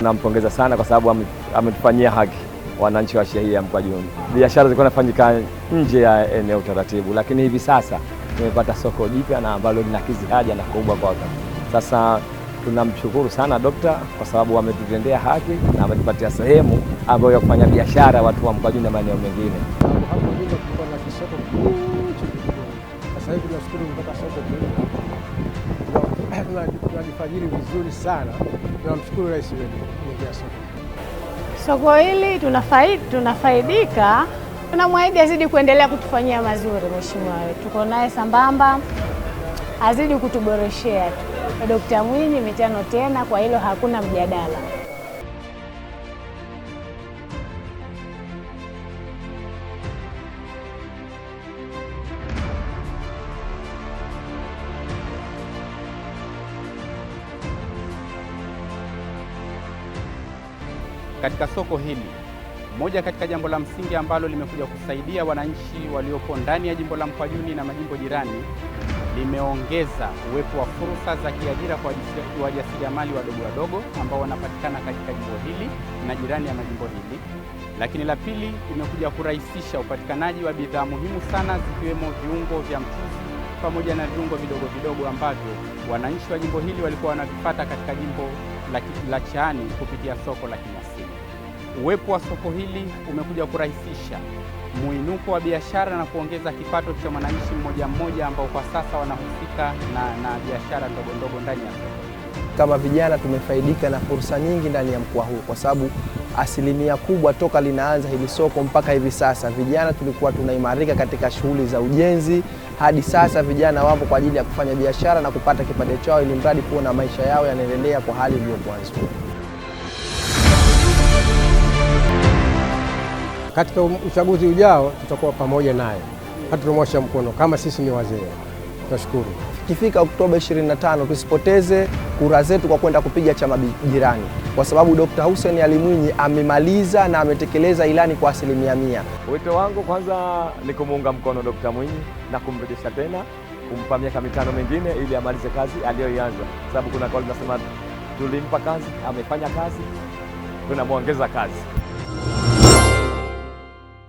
Nampongeza sana kwa sababu ametufanyia haki wananchi wa shehia ya Mkwajuni. Biashara zilikuwa zinafanyika nje ya eneo utaratibu lakini hivi sasa tumepata soko jipya na ambalo linakidhi haja na kubwa kwa wakati. Sasa tunamshukuru sana Dokta kwa sababu ametutendea haki na ametupatia sehemu ambayo ya kufanya biashara watu wa Mkwajuni na maeneo mengine. Sasa hivi tunashukuru mpaka soko tunajifajiri vizuri sana tunamshukuru rais wetu kuingia soko. Soko hili tunafaidi, tunafaidika. Tunamwahidi azidi kuendelea kutufanyia mazuri, mheshimiwa wetu tuko naye sambamba, azidi kutuboreshea tu. Dokta Mwinyi mitano tena, kwa hilo hakuna mjadala. Katika soko hili, moja katika jambo la msingi ambalo limekuja kusaidia wananchi waliopo ndani ya jimbo la Mkwajuni na majimbo jirani, limeongeza uwepo wa fursa za kiajira kwa wajasiriamali wadogo wadogo ambao wanapatikana katika jimbo hili na jirani ya majimbo hili. Lakini la pili, imekuja kurahisisha upatikanaji wa bidhaa muhimu sana zikiwemo viungo vya mchuzi pamoja na viungo vidogo vidogo ambavyo wananchi wa jimbo hili walikuwa wanavipata katika jimbo la, Chaani kupitia soko la Kinyasini. Uwepo wa soko hili umekuja kurahisisha muinuko wa biashara na kuongeza kipato cha mwananchi mmoja mmoja ambao kwa sasa wanahusika na, na biashara ndogo ndogo ndani ya soko. Kama vijana tumefaidika na fursa nyingi ndani ya mkoa huu kwa sababu asilimia kubwa toka linaanza hili soko mpaka hivi sasa, vijana tulikuwa tunaimarika katika shughuli za ujenzi. Hadi sasa vijana wapo kwa ajili ya kufanya biashara na kupata kipande chao, ili mradi kuwa na maisha yao yanaendelea kwa hali iliyokuwa nzuri. Katika uchaguzi ujao tutakuwa pamoja naye, hatumwosha mkono kama sisi ni wazee. Nashukuru. Ikifika Oktoba 25 tusipoteze kura zetu kwa kwenda kupiga chama jirani, kwa sababu Dr. Hussein Ali Mwinyi amemaliza na ametekeleza ilani kwa asilimia mia. Wito wangu kwanza ni kumuunga mkono Dr. Mwinyi na kumrejesha tena, kumpa miaka mitano mingine ili amalize kazi aliyoianza, sababu kuna kauli nasema tulimpa kazi, amefanya kazi, tunamwongeza kazi.